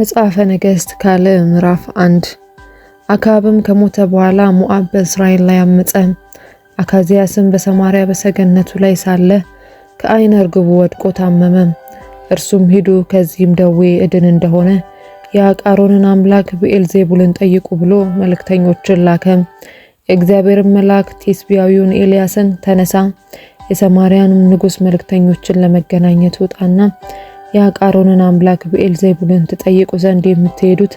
መጽሐፈ ነገሥት ካልዕ ምዕራፍ አንድ አክዓብም ከሞተ በኋላ ሞዓብ በእስራኤል ላይ አመፀ። አካዚያስም በሰማሪያ በሰገነቱ ላይ ሳለ ከዓይነ ርግቡ ወድቆ ታመመ። እርሱም ሂዱ ከዚህም ደዌ እድን እንደሆነ የአቃሮንን አምላክ ብኤልዜቡልን ጠይቁ ብሎ መልእክተኞችን ላከ። የእግዚአብሔርን መልአክ ቴስቢያዊውን ኤልያስን ተነሳ፣ የሰማርያንም ንጉሥ መልእክተኞችን ለመገናኘት ውጣና የአቃሮንን አምላክ ብኤልዜቡልን ትጠይቁ ዘንድ የምትሄዱት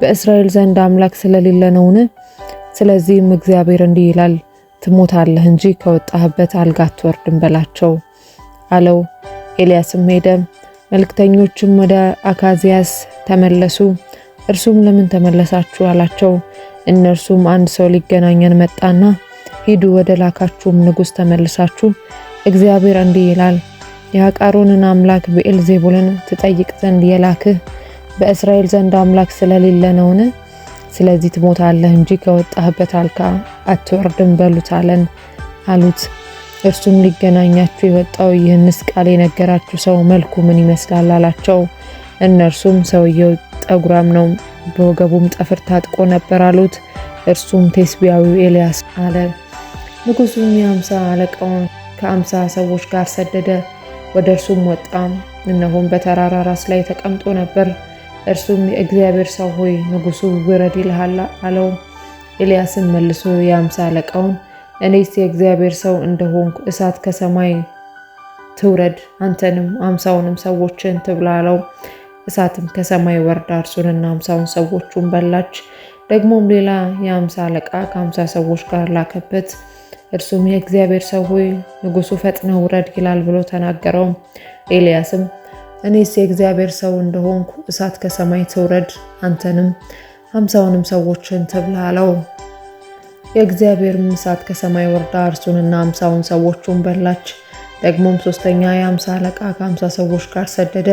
በእስራኤል ዘንድ አምላክ ስለሌለ ነውን? ስለዚህም እግዚአብሔር እንዲህ ይላል፣ ትሞታለህ እንጂ ከወጣህበት አልጋ አትወርድም በላቸው አለው። ኤልያስም ሄደ። መልእክተኞችም ወደ አካዚያስ ተመለሱ። እርሱም ለምን ተመለሳችሁ አላቸው። እነርሱም አንድ ሰው ሊገናኘን መጣና ሂዱ፣ ወደ ላካችሁም ንጉሥ ተመልሳችሁ እግዚአብሔር እንዲህ ይላል የአቃሮንን አምላክ ብኤል ዜቡልን ትጠይቅ ዘንድ የላክህ በእስራኤል ዘንድ አምላክ ስለሌለ ነውን? ስለዚህ ትሞታለህ እንጂ ከወጣህበት አልካ አትወርድም በሉት አለን አሉት። እርሱም ሊገናኛችሁ የወጣው ይህንስ ቃል የነገራችሁ ሰው መልኩ ምን ይመስላል አላቸው። እነርሱም ሰውየው ጠጉራም ነው፣ በወገቡም ጠፍር ታጥቆ ነበር አሉት። እርሱም ቴስቢያዊው ኤልያስ አለ። ንጉሱም የአምሳ አለቃውን ከአምሳ ሰዎች ጋር ሰደደ። ወደ እርሱም ወጣ፣ እነሆም በተራራ ራስ ላይ ተቀምጦ ነበር። እርሱም የእግዚአብሔር ሰው ሆይ ንጉሱ ውረድ ይልሃል አለው። ኤልያስም መልሶ የአምሳ አለቃውን እኔስ የእግዚአብሔር ሰው እንደሆንኩ እሳት ከሰማይ ትውረድ አንተንም አምሳውንም ሰዎችን ትብላ አለው። እሳትም ከሰማይ ወርዳ እርሱንና አምሳውን ሰዎቹን በላች። ደግሞም ሌላ የአምሳ አለቃ ከአምሳ ሰዎች ጋር ላከበት። እርሱም የእግዚአብሔር ሰው ሆይ ንጉሱ ፈጥነ ውረድ ይላል ብሎ ተናገረው። ኤልያስም እኔስ የእግዚአብሔር ሰው እንደሆንኩ እሳት ከሰማይ ትውረድ፣ አንተንም ሀምሳውንም ሰዎችን ትብላ አለው። የእግዚአብሔርም እሳት ከሰማይ ወርዳ እርሱንና ሀምሳውን ሰዎቹን በላች። ደግሞም ሶስተኛ የሀምሳ አለቃ ከሀምሳ ሰዎች ጋር ሰደደ።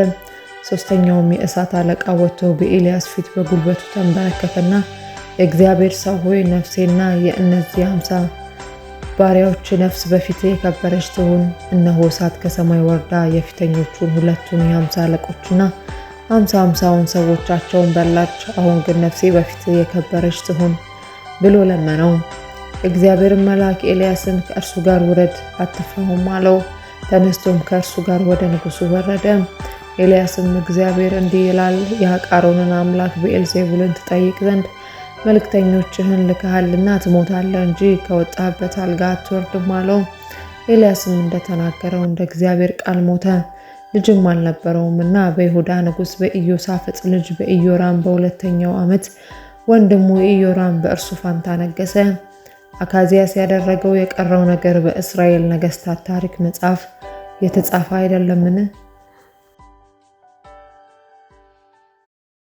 ሶስተኛውም የእሳት አለቃ ወጥቶ በኤልያስ ፊት በጉልበቱ ተንበረከከና የእግዚአብሔር ሰው ሆይ ነፍሴና የእነዚህ ሀምሳ ባሪያዎች ነፍስ በፊት የከበረች ትሆን እነሆ እሳት ከሰማይ ወርዳ የፊተኞቹን ሁለቱን የሀምሳ አለቆችና ሀምሳ ሀምሳውን ሰዎቻቸውን በላች። አሁን ግን ነፍሴ በፊት የከበረች ትሆን ብሎ ለመነው። እግዚአብሔር መልአክ ኤልያስን ከእርሱ ጋር ውረድ፣ አትፍራውም አለው። ተነስቶም ከእርሱ ጋር ወደ ንጉሱ ወረደ። ኤልያስም እግዚአብሔር እንዲህ ይላል የአቃሮንን አምላክ ብዔልዜቡልን ትጠይቅ ዘንድ መልእክተኞችህን ልከሃልና ትሞታለህ እንጂ ከወጣበት አልጋ አትወርድም አለው። ኤልያስም እንደተናገረው እንደ እግዚአብሔር ቃል ሞተ። ልጅም አልነበረውም እና በይሁዳ ንጉሥ በኢዮሳፍጥ ልጅ በኢዮራም በሁለተኛው ዓመት ወንድሙ ኢዮራም በእርሱ ፋንታ ነገሰ። አካዚያስ ያደረገው የቀረው ነገር በእስራኤል ነገሥታት ታሪክ መጽሐፍ የተጻፈ አይደለምን?